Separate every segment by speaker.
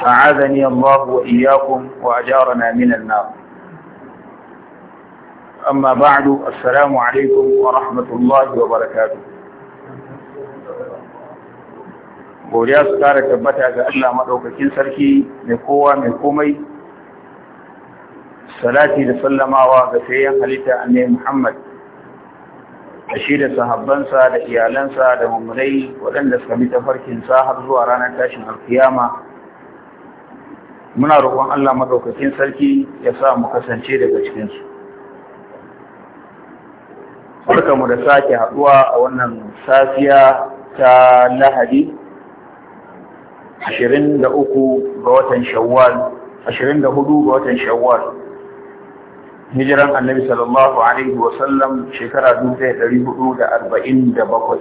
Speaker 1: أعاذني الله وإياكم وأجارنا من النار أما بعد السلام عليكم ورحمة الله وبركاته godiya su kara tabbata ga Allah maɗaukakin sarki mai kowa mai komai salati da sallamawa ga sayan halitta annabi Muhammad Ashe shi da sahabbansa da iyalansa da mummunai waɗanda suka mita farkinsa har zuwa ranar tashin alkiyama muna roƙon Allah madaukakin sarki ya sa mu kasance daga cikinsu. mu da sake haɗuwa a wannan safiya ta Lahadi, 23 ga watan Shawwal, 24 ga watan Shawwal. Hijiran Annabi sallallahu Alaihi wasallam shekara 1447.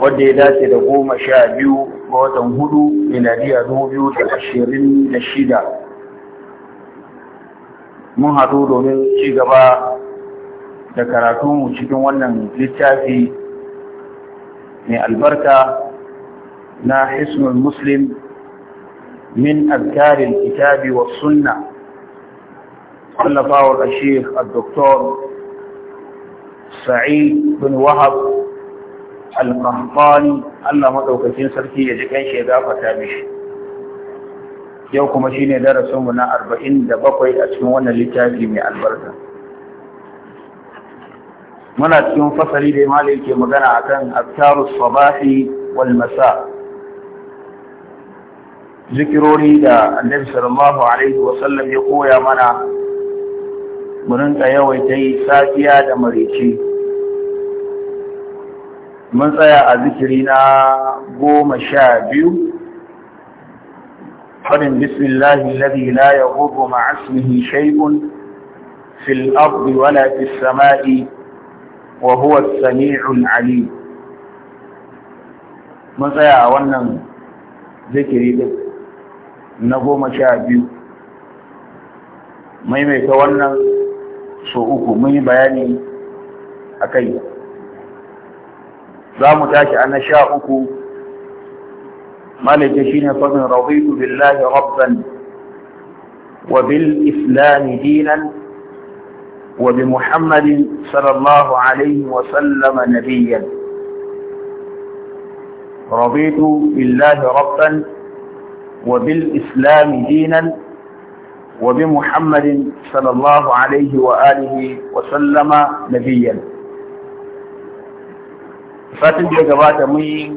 Speaker 1: Wadda ya dace da goma sha biyu ga watan hudu miladiya dubu biyu da ashirin da shida mun haɗu domin ci gaba da karatunmu cikin wannan littafi mai albarka na hisnul muslim min azkarin kitabi wa sunna tallafawar ashir al-doktor Sa'id Bin Wahab القهطاني Allah maɗaukacin sarki ya ji kanshi ya gafata mishi yau kuma shi ne darasinmu na arba'in da bakwai a cikin wannan littafi mai albarka muna cikin fasali da imalai ke magana akan aftarus sabahi wal masa zikirori da annabi sallallahu alaihi wasallam ya koya mana mu rinka yawaita yi safiya da marici mun tsaya a zikiri na goma sha biyu farin bismillahi alladhi la yaghurru ma'a ismihi fil abdi wala fis sama'i wa huwa as-sami'ul mun tsaya a wannan zikiri din na goma sha biyu maimaita wannan so uku mun yi bayani a kai za mu tashi a na sha uku malaka shi ne fadin rabitu billahi rabban wa bil islami dinan wa bi muhammadin sallallahu alaihi wa sallama nabiyyan rabitu billahi rabban wa bil islami dinan وبمحمد صلى الله عليه وآله وسلم نبيا satin da ya gabata mun yi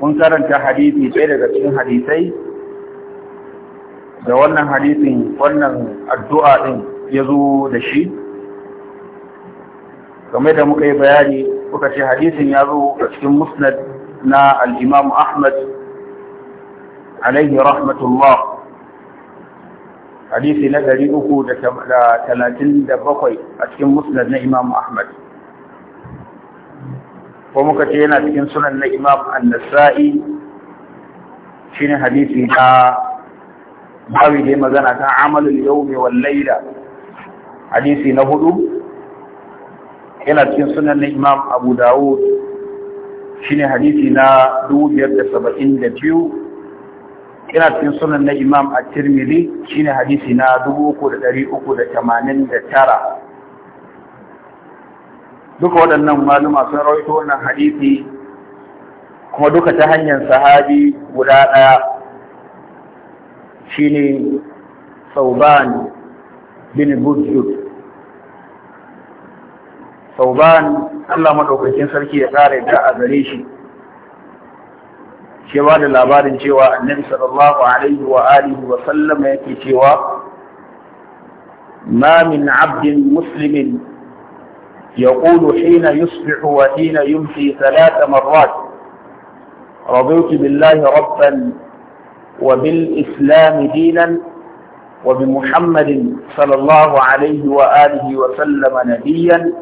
Speaker 1: mun karanta hadisi ɗaya daga cikin hadisai da wannan hadisin wannan addu'a ɗin ya zo da shi game da muka yi bayani kuka ce hadisin ya zo a cikin musnad na al'imam ahmad alaihi rahmatullah hadisi na 337 a cikin musnad na imam ahmad ko muka ce yana cikin sunan na imam an-nasa'i ne hadisi na bawi da magana kan amalul yawmi wal layla hadisi na hudu yana cikin sunan na imam abu dawud ne hadisi na 572 yana cikin sunan na imam at-tirmidhi ne hadisi na 3389 duka waɗannan maluma sun rawaito wannan hadisi kuma duka ta hanyar sahabi guda ɗaya shine Sauban bin Budjud Sauban Allah maɗaukakin sarki ya ƙara yadda a gare shi shi ba da labarin cewa annabi sallallahu alaihi wa alihi wa sallama yake cewa ma min abdin muslimin يقول حين يصبح وحين يمسي ثلاث مرات رضيت بالله ربا وبالإسلام دينا وبمحمد صلى الله عليه وآله وسلم نبيا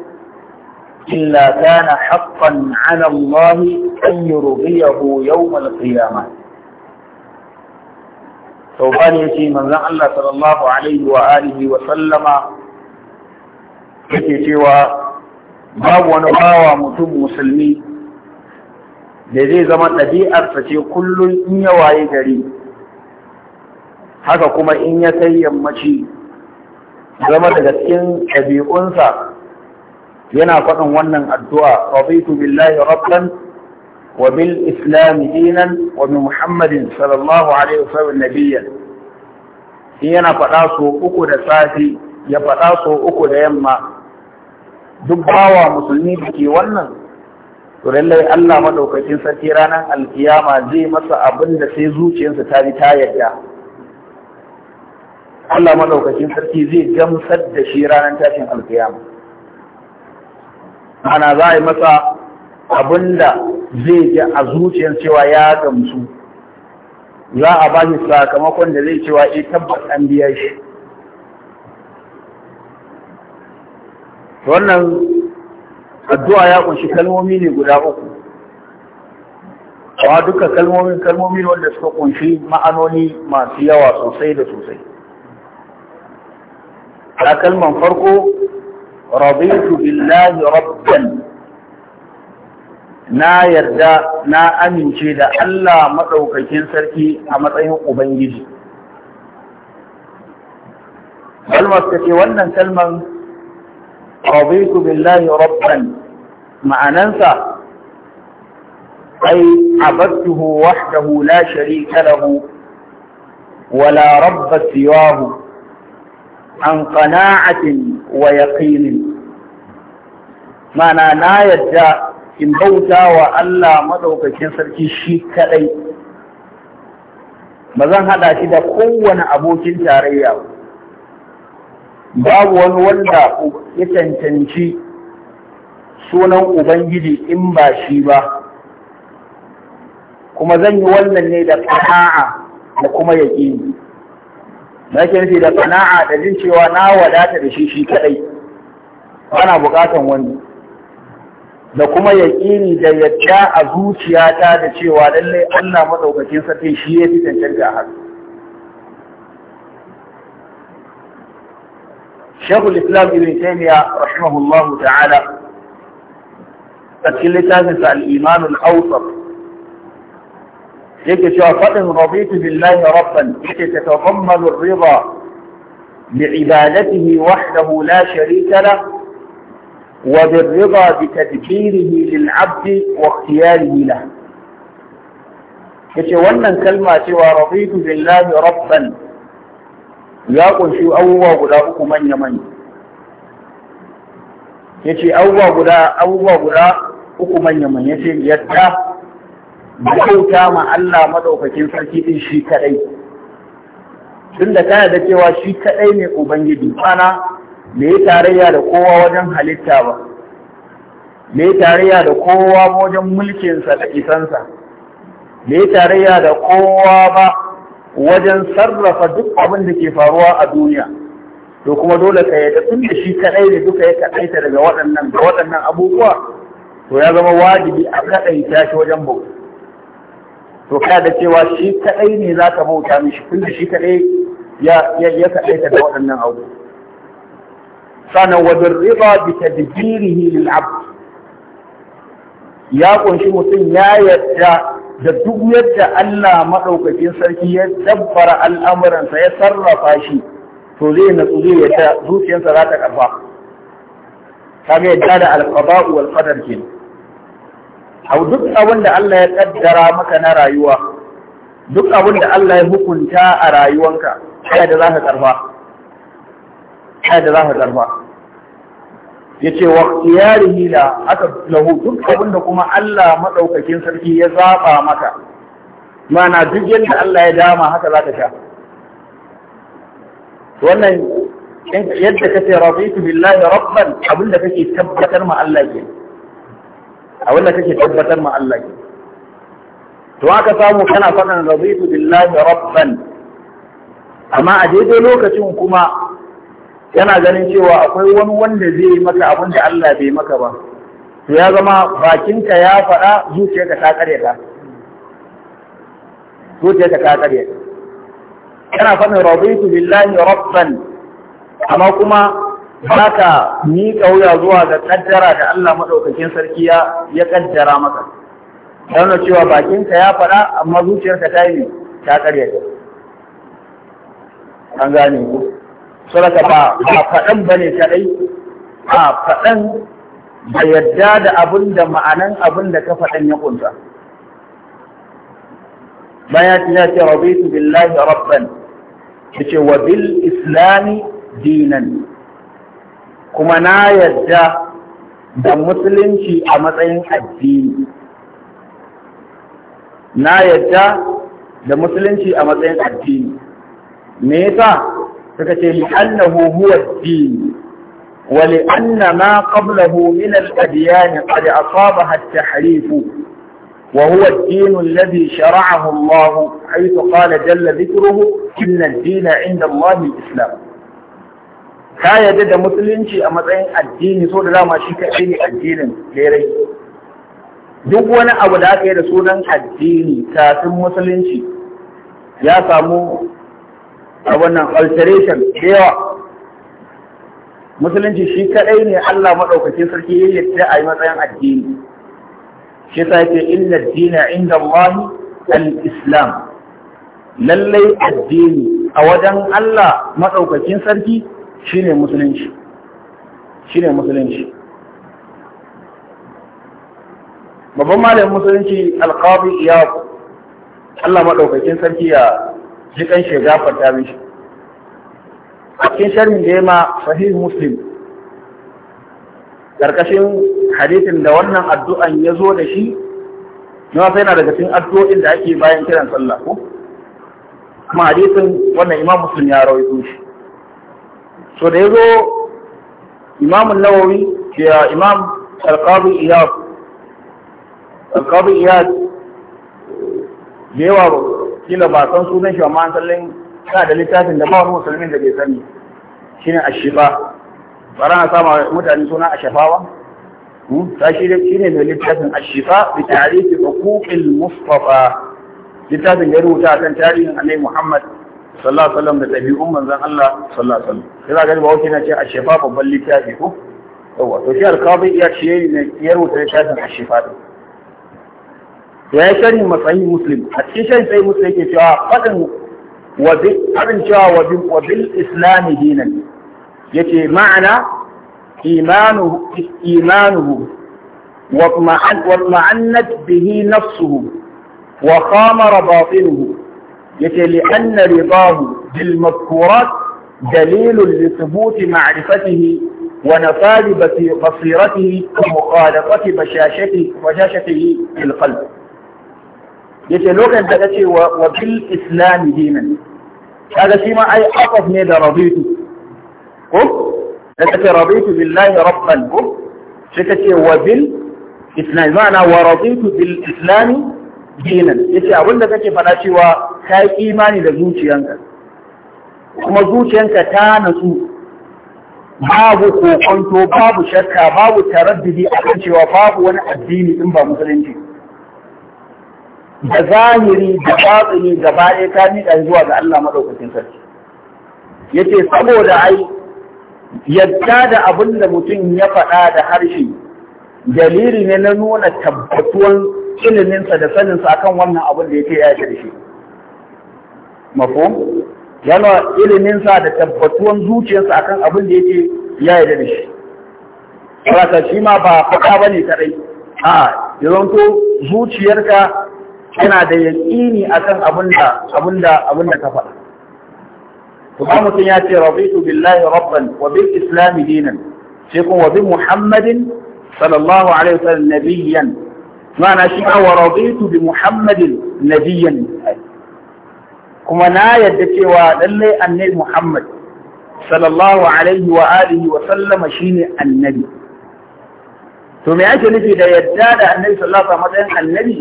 Speaker 1: إلا كان حقا على الله أن يرضيه يوم القيامة فقال يتي من الله صلى الله عليه وآله وسلم يتي babu wani bawa mutum musulmi da zai zama ɗabi'arsa ce kullum in ya waye gari haka kuma in ya kai yammaci zama daga cikin ɗabi'unsa yana faɗin wannan addu'a raditu billahi rabban wa bil islam dinan wa bi muhammadin sallallahu alaihi wasallam nabiyyan in yana faɗa so uku da safi ya faɗa so uku da yamma duk bawa musulmi da ke wannan to lallai Allah madaukakin sarki ranar alkiyama zai masa abin da sai zuciyarsa ta bi ta yarda Allah madaukakin sarki zai gamsar da shi ranar tashin alkiyama ana za a yi masa abin da zai ji a zuciyar cewa ya gamsu za a ba shi sakamakon da zai cewa eh tabbas an biya shi wannan addu'a ya kunshi kalmomi ne guda uku amma duka kalmomin kalmomi wanda suka kunshi ma'anoni masu yawa sosai da sosai a kalman farko rabitu billahi rabban na yarda na amince da Allah maɗaukakin sarki a matsayin ubangiji kalmar ta ce wannan kalman raditu billahi rabban ma'anansa ai abadtuhu wahdahu la sharika lahu wala rabba siwahu an qana'atin wa yaqinin ma'ana na yadda in bauta wa Allah maɗaukakin sarki shi kadai ba zan hada shi da kowane abokin tarayya ba babu wani wanda ya cancanci sunan ubangiji in ba shi ba kuma zan yi wannan ne da ƙana'a da kuma yaƙini na ke da ƙana'a da jin cewa na wadata da shi shi kaɗai ana buƙatan wani da kuma yaƙini da yadda a zuciyata da cewa lallai Allah maɗaukakin sarki shi ya fi cancanta a haka شيخ الإسلام ابن تيمية رحمه الله تعالى فكل تهدف الإيمان الأوسط لك شافته رضيت بالله ربا لك تتضمن الرضا بعبادته وحده لا شريك له وبالرضا بتدبيره للعبد واختياره له كشوانا كلمة رضيت بالله ربا ya kunshi abubuwa guda uku manya-manya ya ce abubuwa guda abubuwa guda uku manya-manya ya ce yadda bauta ma Allah madaukakin sarki din shi kadai tun da kana da cewa shi kadai ne ubangiji kana me ya tarayya da kowa wajen halitta ba me ya tarayya da kowa wajen mulkinsa da isansa me ya tarayya da kowa ba wajen sarrafa duk abin da ke faruwa a duniya to kuma dole ka yadda tun da shi kaɗai ne duka ya kaɗaita daga waɗannan da waɗannan abubuwa to ya zama wajibi a kadaita shi wajen bauta to ka da cewa shi kaɗai ne za ka bauta mishi tun da shi kaɗai ya ya kadaita da waɗannan abubuwa sanan wajen riba bi tadbirihi lil abd ya ƙunshi mutum ya yadda da duk yadda Allah maɗaukakin sarki ya dabbara al'amuransa ya sarrafa shi to zai natsu zai yadda zuciyarsa za ta ƙarfa kaga yadda da alƙaba'u wal qadar ke hau duk abin da Allah ya ƙaddara maka na rayuwa duk abin da Allah ya hukunta a rayuwanka kai da za ka ƙarfa kai da za ka ƙarfa yace wa ikhtiyarihi la aka lahu duk abin da kuma Allah madaukakin sarki ya zaɓa maka mana duk yadda Allah ya dama haka za zaka sha wannan yadda ka kace raditu billahi rabban abinda kake tabbatar ma Allah ke abinda kake tabbatar ma Allah ke to aka samu kana faɗan raditu billahi rabban amma a daidai lokacin kuma yana ganin cewa akwai wani wanda zai yi maka abin da Allah bai maka ba to ya zama bakinka ya faɗa zuciyarka ta karyata zuciyarka ta karyata yana faɗin rabitu billahi rabban amma kuma baka miƙa wuya zuwa ga kaddara da Allah madaukakin sarki ya ya kaddara maka yana cewa bakinka ya faɗa amma zuciyarka ta yi ta karyata an gane ku saboda ba ba faɗan bane kaɗai a faɗan ba yadda da abin da ma'anan abin da ka faɗan ya kunta bayan ya ce rabitu billahi rabban ce wa bil islami dinan kuma na yadda da musulunci a matsayin addini na yadda da musulunci a matsayin addini me yasa suka ce li'annahu huwa ad-din wa li'anna ma qablahu min al-adyan qad asabaha at-tahrif wa huwa ad-din alladhi shara'ahu Allah حيث قال جل ذكره إن الدين عند الله الإسلام ka yadda da musulunci a matsayin addini so da dama shi kaɗai ne addinin lerai duk wani abu da aka yi da sunan addini kafin musulunci ya samu a wannan alteration da yawa musulunci shi kadai ne Allah maɗaukakin sarki ya yadda a yi matsayin addini shi ta ce inna dina inda Allah al-islam lallai addini a wajen Allah maɗaukakin sarki shine musulunci shine musulunci babban malamin musulunci qabi iyaku, Allah maɗaukakin sarki ya shi kan shi gafarta mishi a cikin sharmin da ya ma sahih muslim karkashin hadithin da wannan addu'an ya zo da shi na sai na daga cikin addu'o'in da ake bayan kiran sallah ko kuma hadithin wannan imam muslim ya rawaito shi so da ya zo imam nawawi ke imam alqabi iyad alqabi iyad da yawa kila ba san sunan shi amma an sallin ka da littafin da ba wani musulmin da bai sani shine ashifa bara na sama mutane suna ashafawa hmm? ta shi ne shine mai littafin ashifa bi tarihi huquqil mustafa littafin da ya rubuta kan tarihin Annabi Muhammad sallallahu alaihi wasallam da tabi'un manzon Allah sallallahu alaihi wasallam sai ga ba wuce na ce ashifa babban littafi ko yawa to shi alqabi ya ce ne ya rubuta littafin ashifa din ya yi sharhi matsayin muslim a cikin sharhi sai muslim yake cewa fadin fadin cewa wa bil islami dinan yace ma'ana imanuhu imanuhu wa ma'annat bihi nafsuhu wa khamara batinuhu yace li anna ridahu bil madhkurat دليل لثبوت معرفته ونفاذ بصيرته ومخالطة بشاشته, بشاشته في القلب yace lokacin da kace wa wa bil islam dinan kaga shi ma ai aqaf ne da rabitu ko da kace rabitu billahi rabban ko shi kace wa bil islam ma'ana wa rabitu bil islam dinan yace abinda kake fada cewa kai imani da zuciyanka kuma zuciyanka ta natsu babu kokonto babu shakka babu taraddudi akan cewa babu wani addini in ba musulunci da zahiri da batsuni gaba ɗaya ta miƙa zuwa ga Allah maɗaukakin sarki yace saboda ai yadda da abin da mutum ya faɗa da harshe dalili ne na nuna tabbatuwan iliminsa da saninsa akan wannan abin da yake ya shi mafhum yana iliminsa da tabbatuwan zuciyarsa akan abin da yake ya yi da shi Rasa shi ma ba faɗa ba ne kaɗai, a, yanzu zuciyarka yana da yaƙini akan abinda abinda abinda ka faɗa to ba mutum ya ce rabitu billahi rabban wa bil islam dinan sai kuma bi muhammadin sallallahu alaihi wasallam nabiyyan ma'ana shi ka wa rabitu bi muhammadin nabiyyan kuma na yadda cewa lallai annabi muhammad sallallahu alaihi wa alihi wa sallama shine annabi to me ake nufi da yadda da annabi sallallahu alaihi wa sallam matsayin annabi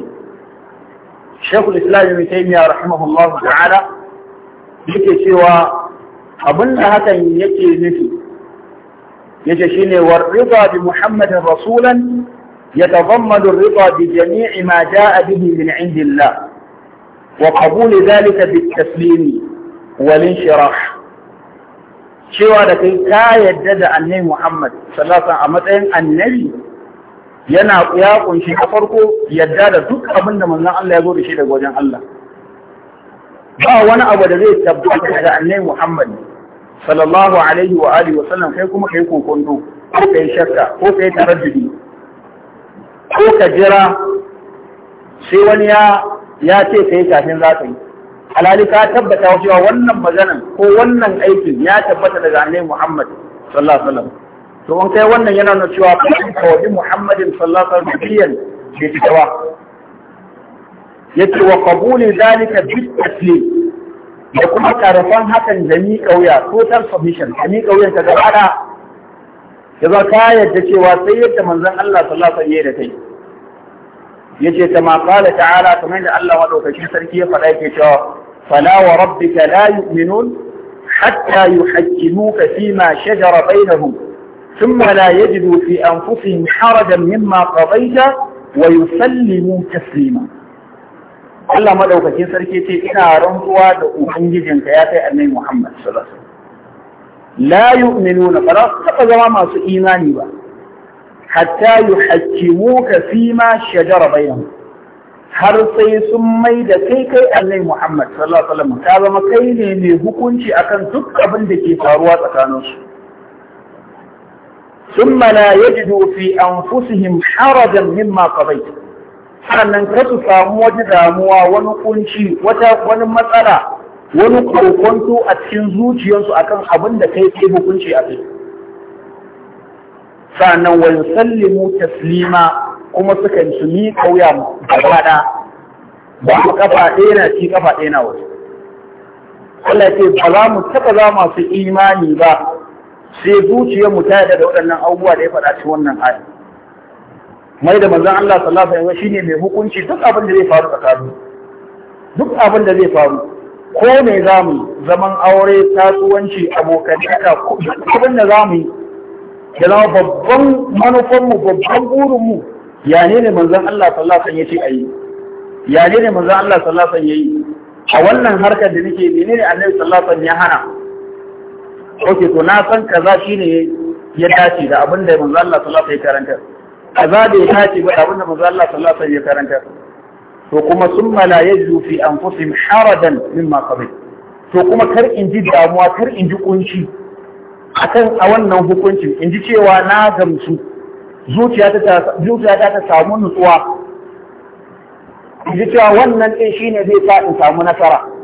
Speaker 1: شيخ الإسلام ابن تيمية رحمه الله تعالى يجي سوى أبن هكا يجي نفي يجي شيني والرضا بمحمد رسولا يتضمن الرضا بجميع ما جاء به من عند الله وقبول ذلك بالتسليم والانشراح سوى لكي تا يدد أني محمد صلى الله عليه وسلم النبي yana ya kunshi a farko yadda da duk abin da manzon Allah ya zo da shi daga wajen Allah ba wani abu da zai tabbata da annabi Muhammad sallallahu alaihi wa alihi wa sallam kai kuma kai kokondo ko kai shakka ko kai taraddudi ko ka jira sai wani ya ya ce kai kafin za ka yi alhali ka tabbata cewa wannan maganan ko wannan aikin ya tabbata daga annabi Muhammad sallallahu alaihi wa sallam to an kai wannan yana nuna cewa kawai Muhammadin sallallahu alaihi wasallam biyan bai fita ba ce wa qabuli zalika bi taslim da kuma karfan hakan da ni kauya total submission da ni kauyan ta gaba da ya za ka yadda cewa sai yadda manzan Allah sallallahu alaihi wasallam da kai yace kama qala ta'ala kamar da Allah madaukakin sarki ya faɗa yake cewa fala wa rabbika la yu'minun hatta yuhaqqimuka fima shajara bainahum ثم لا يجدوا في أنفسهم حرجا مما قضيت ويسلموا تسليما الله ما لو كان سركيتي إنا رنقوا دعوهم جيجن كياتي أمي محمد صلى الله عليه لا يؤمنون فلا تقضوا ما سئيناني با حتى يحكموك فيما شجر بينهم هل سيسم ميدا كيكي محمد صلى الله عليه وسلم كاذا ما كيني هكونش أكن تكبن دكي فاروات أكانوش ثم لا يجدوا في أنفسهم حرجا مما قضيت sannan ka su samu wani damuwa wani kunci wata wani matsala wani kokonto a cikin zuciyarsu akan abin da kai ke hukunci a kai sannan wa yusallimu taslima kuma sukan su mi kauya gaba ba mu kafa ɗaya na ci kafa ɗaya na wasu Allah ce ba za mu taɓa za masu imani ba sai zuciyar mu ta yarda da waɗannan abubuwa da ya faɗa cikin wannan aya mai da manzon Allah sallallahu alaihi wasallam shine mai hukunci duk abin da zai faru tsakanin duk abin da zai faru ko me zamu zaman aure tasuwanci abokan haka abin da zamu yi da zama babban manufar mu babban burin mu ya ne ne manzon Allah sallallahu alaihi wasallam yace ayi ya ne ne manzon Allah sallallahu alaihi wasallam yayi a wannan harkar da nake menene Annabi sallallahu alaihi wasallam ya hana ok to na san kaza shine ya dace da abin da manzo Allah sallallahu alaihi karanta kaza ya dace da abin da manzo Allah sallallahu alaihi karanta to kuma summa la yajdu fi anfusihim haradan mimma qabila to kuma kar in ji damuwa kar in ji kunci akan a wannan hukuncin in ji cewa na gamsu zuciya ta ta samu nutsuwa in ji cewa wannan ɗin shine zai sa in samu nasara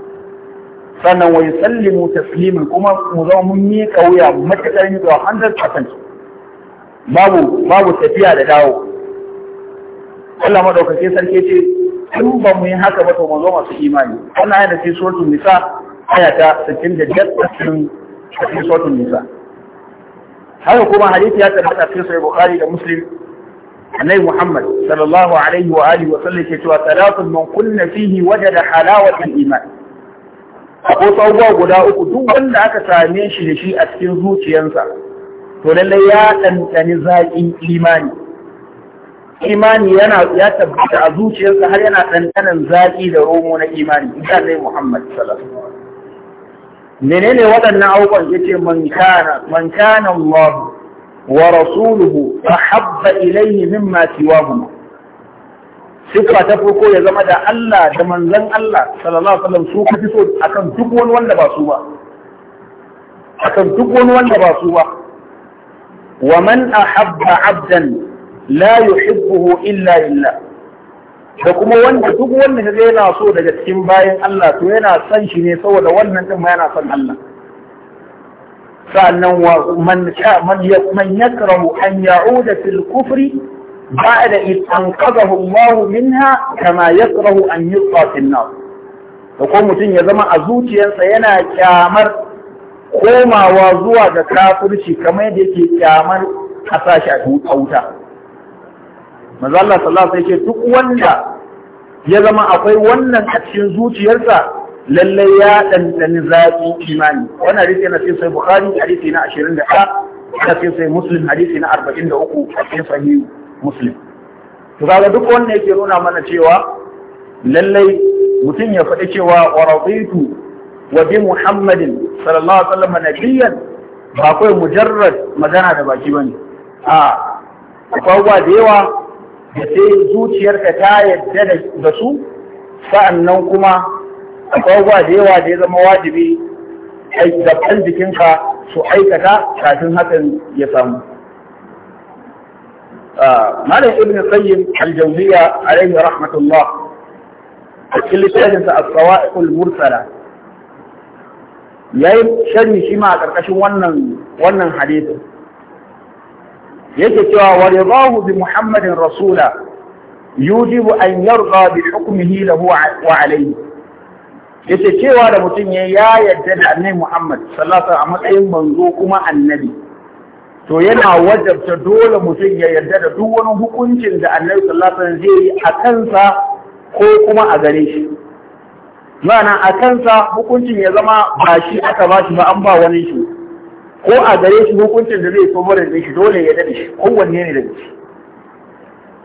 Speaker 1: sannan wa yusallimu taslimin kuma mu zama mun miƙa wuya matuƙar miƙa 100% babu babu tafiya da dawo Allah madaukakin sarki ce in ba mu yi haka ba to mu zo masu imani wannan ayat ce suratul nisa aya ta 65 cikin suratul nisa haka kuma hadisi ya tabbata cikin sahih bukhari da muslim annabi muhammad sallallahu alaihi wa alihi wa sallam ke wa salatun man kunna fihi wajada halawatul iman akwai tsawon guda uku duk wanda aka same shi da shi a cikin zuciyarsa to lallai ya ɗanɗani zaƙin imani imani yana ya tabbata a zuciyarsa har yana ɗanɗanan zaƙi da romo na imani idan zai Muhammad sallallahu menene waɗannan abubuwan yace man kana man kana Allah wa rasuluhu ahabba ilayhi mimma siwahuma siffa ta farko ya zama da Allah da manzon Allah sallallahu alaihi wasallam su ka so akan duk wani wanda ba su ba akan duk wani wanda ba su ba wa man ahabba abdan la yuhibbuhu illa illa. da kuma wanda duk wanda ka yana so daga cikin bayan Allah to yana son shi ne saboda wannan din ma yana son Allah sa'annan wa man sha man yakrahu an ya'uda fil kufri بعد إذ أنقذه الله منها كما يكره أن يلقى في النار a متن yana أزوتي سينا كامر كوما وزوى شي كما يدي كامر أساشة أوتا maza Allah sallallahu alaihi ce duk wanda ya zama akwai wannan a cikin zuciyarsa lallai ya ɗanɗani zaƙi imani wannan hadisi na cikin bukhari hadisi na 21 da cikin muslim hadisi na 43 a cikin muslim to kaga duk wanda yake nuna mana cewa lallai mutum ya faɗi cewa wa raditu wa bi muhammadin sallallahu alaihi wasallam nabiyyan ba kai mujarrad magana da baki bane a akwai abubuwa da yawa da sai zuciyarka ta yadda da su sa'annan kuma akwai abubuwa da yawa da ya zama wajibi kan jikinka su aikata kafin hakan ya samu malam ibn Sayyid al-jawziya alayhi rahmatullah a cikin littafin sa as-sawa'iqul mursala yayi sharhi shi ma a karkashin wannan wannan hadisin yake cewa wa ridahu bi muhammadin rasula yujibu an yarda bi hukmihi lahu wa alayhi
Speaker 2: yace cewa da
Speaker 1: mutum ya yarda da annabi Muhammad sallallahu alaihi wasallam a matsayin manzo kuma annabi to yana wajabta dole mutum ya yarda da duk wani hukuncin da annabi sallallahu alaihi zai yi a kansa ko kuma a gare shi ma'ana a kansa hukuncin ya zama ba shi aka ba shi ba an ba wani shi ko a gare shi hukuncin da zai somarin da shi dole ya dade shi wanne ne daga shi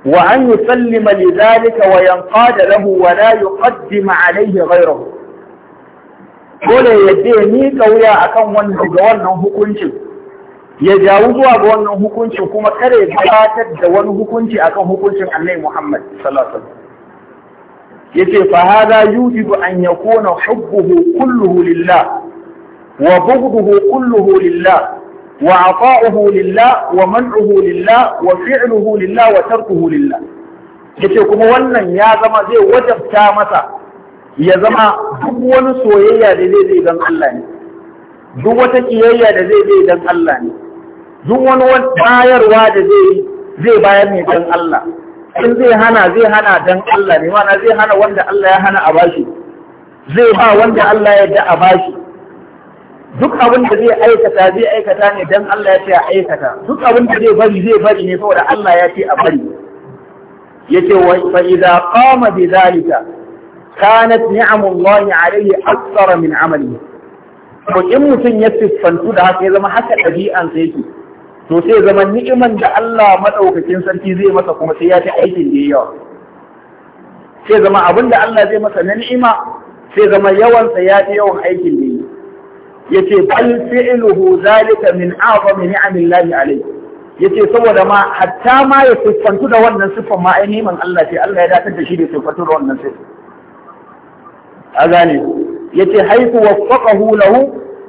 Speaker 1: wa an yusallima li zalika wa yanqada lahu wa la yuqaddima alayhi ghayrahu dole ya yadda ya mika wuya akan wannan ga wannan hukuncin ya jawo zuwa ga wannan hukuncin kuma kare gabatar da wani hukunci akan hukuncin Annabi Muhammad sallallahu alaihi wasallam yace fa hada yujibu an yakuna hubbuhu kulluhu lillah wa bughduhu kulluhu lillah wa ata'uhu lillah wa man'uhu lillah wa fi'luhu lillah wa tarkuhu lillah yace kuma wannan ya zama zai wajabta masa ya zama duk wani soyayya da zai zai dan Allah ne duk wata kiyayya da zai zai dan Allah ne duk wani bayarwa da zai yi zai bayar ne don Allah in zai hana zai hana don Allah ne mana zai hana wanda Allah ya hana a bashi zai ba wanda Allah ya da a bashi duk abin da zai aikata zai aikata ne don Allah ya ce a aikata duk abin da zai bari zai bari ne saboda Allah ya ce a bari yace wa fa idza qama bi zalika kanat ni'amullahi alayhi akthara min amalihi to in mutum ya siffantu da haka ya zama haka ɗabi'ansa yake to sai zama ni'iman da Allah madaukakin sarki zai masa kuma sai ya ta aikin da yawa sai zama abin da Allah zai masa na ni'ima sai zama yawan sa ya ta yawan aikin da yi yace bal fi'luhu zalika min a'zami ni'amillahi alayhi yace saboda ma hatta ma ya siffantu da wannan siffan ma ai neman Allah sai Allah ya dakatar da shi da siffantu da wannan siffan a gane yace haiku waffaqahu lahu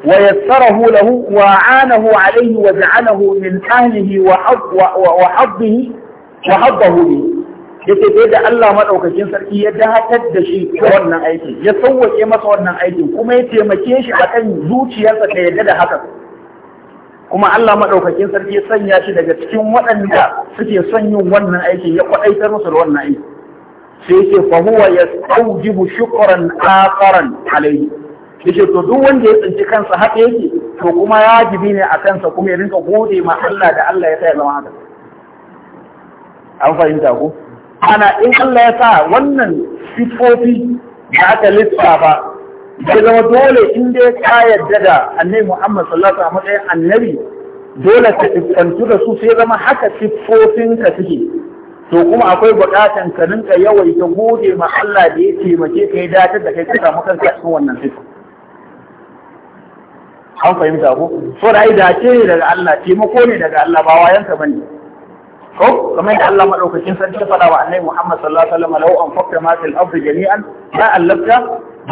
Speaker 1: ويسره له وأعانه عليه وجعله من أهله وحظه وحظه به yake sai da Allah maɗaukakin sarki ya dakatar da shi wannan aikin ya sauwake masa wannan aikin kuma ya taimake shi akan zuciyarsa ta yadda da haka kuma Allah maɗaukakin sarki ya sanya shi daga cikin waɗanda suke son yin wannan aikin ya kwaɗaitar musu da wannan aikin sai yake fa huwa yastawjibu shukran akharan alayhi yace to duk wanda ya tsinci kansa haka yake to kuma ya jibi ne a kansa kuma ya rinka gode ma Allah da Allah ya sa ya zama haka an fahimta ko ana in Allah ya sa wannan sifofi da aka lissafa ya zama dole in dai ka yarda da annabi Muhammad sallallahu alaihi wasallam matsayin annabi dole ka tsantu da su sai zama haka siffofin ka suke to kuma akwai buƙatan ka rinka yawaita gode ma Allah da ya taimake ka ya dace da kai ka samu kanka cikin wannan sifofi an fahimta ko so da ai dace ne daga Allah taimako ne daga Allah ba wayansa bane ko kamar da Allah madaukakin sarki ya faɗa wa Annabi Muhammad sallallahu alaihi wasallam law anfaqta ma fil ardi jami'an ma allafta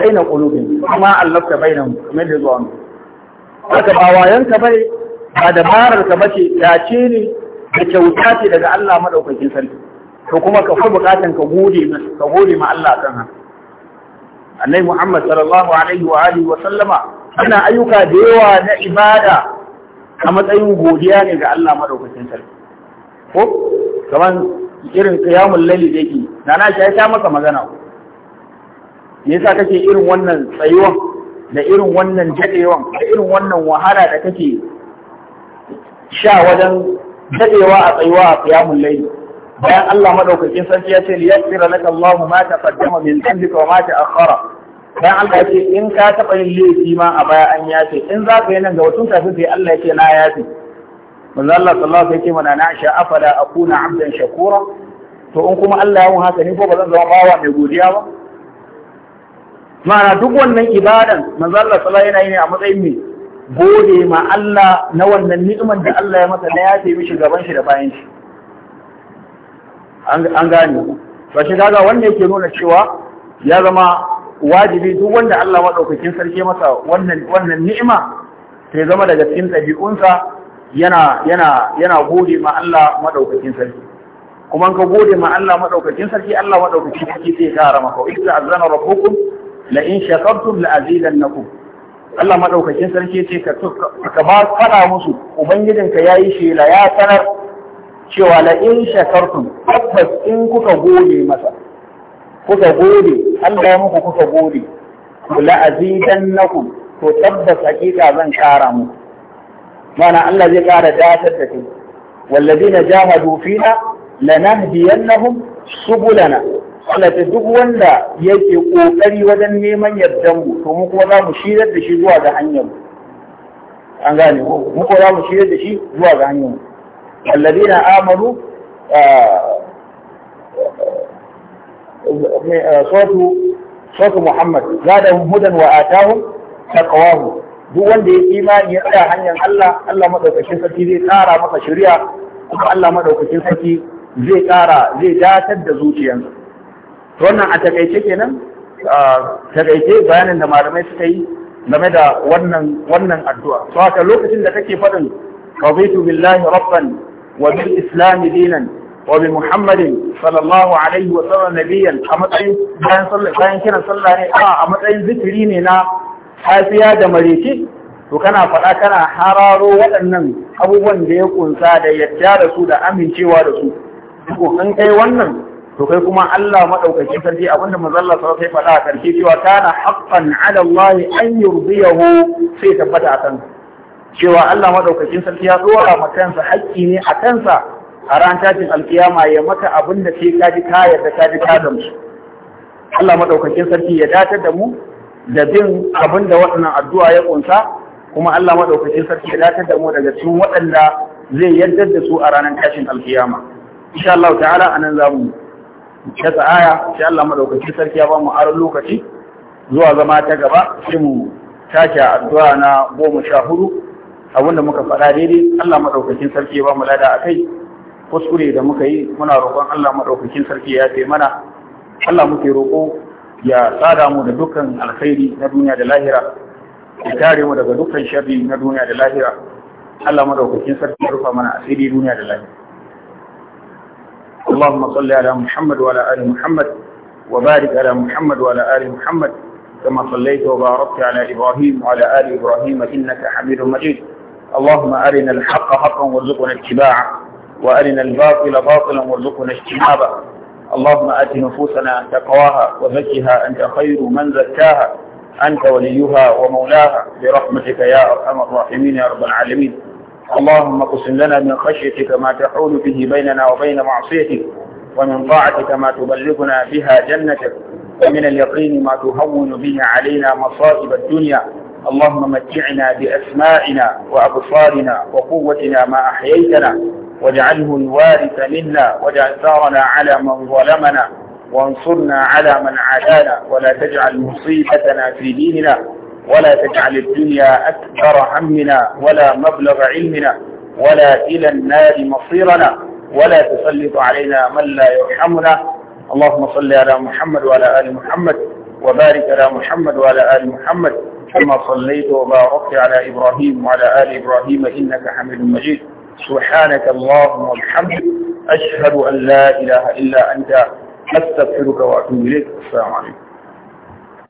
Speaker 1: baina qulubin kuma allafta bainahum kamar da zuwa haka ba wayanka bane ba dabarar ka bace dace ne da kyauta ce daga Allah madaukakin sarki to kuma ka fi bukatan ka gode ka gode ma Allah kan haka Annai Muhammad sallallahu alaihi wa wa sallama ana ayyuka da yawa na ibada a matsayin godiya ne ga Allah madaukakin sarki ko kamar irin qiyamul layli da yake nana shi ya ta maka magana ko me yasa kake irin wannan tsayuwan da irin wannan jadewan da irin wannan wahala da kake sha wajen dadewa a tsayuwa a ƙiyamun layli bayan Allah madaukakin sarki ya ce li yaghfira laka Allahu ma taqaddama min dhanbika wa ma ta'akhkhara bayan Allah ce in ka taɓa yin laifi ma a baya an yafe in za ka yi nan gaba tun kafin sai Allah ya ce na yafe manzo Allah sallallahu alaihi wasallam ya ce mana na'sha afala akuna 'abdan shakura to in kuma Allah ya mun haka ni ko ba zan zama bawa mai godiya ba ma'ana duk wannan ibadan manzo Allah sallallahu alaihi yana yi ne a matsayin mai gode ma Allah na wannan ni'imar da Allah ya masa na yafe mishi gaban shi da bayan shi an gane ba shi kaga wanda yake nuna cewa ya zama wajibi duk wanda Allah maɗaukakin sarki masa wannan wannan ni'ima sai zama daga cikin ɗabi'unsa yana yana yana gode ma Allah maɗaukakin sarki kuma ka gode ma Allah maɗaukakin sarki Allah maɗaukakin sarki sai ka rama ko idza azana rabbukum la in shakartum la azidannakum Allah maɗaukakin sarki sai ka ka ba fara musu ubangijinka yayi shela ya sanar cewa la in shakartum tabbas in kuka gode masa kuka gode Allah ya muku kuka gode ku na azidannakum to tabbas hakika zan ƙara mu, mana Allah zai ƙara datar da kai walladina jahadu fina lanahdiyannahum subulana Allah ta duk wanda yake kokari wajen neman yardan mu to mu kuma za mu shirar da shi zuwa ga hanyar mu an gane mu kuma za mu shirar da shi zuwa ga hanyar mu الذين آمنوا صوت صوت محمد زادهم هدى وآتاهم تقواه duk wanda ya imani ya tsaya hanyar Allah Allah madaukakin sarki zai tsara masa shari'a kuma Allah madaukakin sarki zai tsara, zai datar da zuciyarsa wannan a takaice kenan takaice bayanin da malamai suka yi game da wannan wannan addu'a to haka lokacin da kake faɗin رضيت بالله ربا وبالإسلام دينا وبمحمد صلى الله عليه وسلم نبيا أمتين بان صلى بان كنا صلى أمتين ذكرين نا حافيا دمريتي وكان فدا كان hararo waɗannan abubuwan da ya kunsa da yadda da su da amincewa da su ko kai wannan to kai kuma Allah madaukaki sarki abinda manzo Allah sallallahu alaihi wasallam faɗa a karshe cewa kana haqqan ala Allah an sai tabbata akan cewa Allah maɗaukakin sarki ya dora ma kansa haƙƙi ne a kansa a ran tashin alkiyama ya maka abin da sai kaji ka yarda kaji ka gamsu Allah maɗaukakin sarki ya datar da mu da bin abin da waɗannan addu'a ya ƙunsa, kuma Allah maɗaukakin sarki ya datar da mu daga cikin waɗanda zai yarda da su a ranar tashin alkiyama insha Allah ta'ala za mu kasa aya sai Allah maɗaukakin sarki ya ba mu aron lokaci zuwa zama ta gaba sai mu tashi addu'a na goma sha hudu abin da muka faɗa daidai Allah maɗaukakin sarki ya ba mu lada a kai kuskure da muka yi muna roƙon Allah maɗaukakin sarki ya fi mana Allah muke roƙo ya tsada mu da dukkan alkhairi na duniya da lahira ya kare mu daga dukkan sharri na duniya da lahira Allah maɗaukakin sarki ya rufa mana asiri duniya da lahira اللهم صل على محمد وعلى آل محمد وبارك على محمد وعلى آل محمد كما صليت وباركت على إبراهيم وعلى آل إبراهيم إنك حميد مجيد اللهم أرنا الحق حقا وارزقنا اتباعه وأرنا الباطل باطلا وارزقنا اجتنابه اللهم آت نفوسنا تقواها وزكها أنت خير من زكاها أنت وليها ومولاها برحمتك يا أرحم الراحمين يا رب العالمين اللهم اقسم لنا من خشيتك ما تحول به بيننا وبين معصيتك ومن طاعتك ما تبلغنا بها جنتك ومن اليقين ما تهون به علينا مصائب الدنيا اللهم متعنا بأسمائنا وأبصارنا وقوتنا ما أحييتنا واجعله الوارث منا واجعل ثارنا على من ظلمنا وانصرنا على من عادانا ولا تجعل مصيبتنا في ديننا ولا تجعل الدنيا أكبر همنا ولا مبلغ علمنا ولا إلى النار مصيرنا ولا تسلط علينا من لا يرحمنا اللهم صل على محمد وعلى آل محمد وبارك على محمد وعلى آل محمد كما صليت وباركت على إبراهيم وعلى آل إبراهيم إنك حميد مجيد سبحانك اللهم وبحمدك أشهد أن لا إله إلا أنت أستغفرك وأتوب إليك السلام عليكم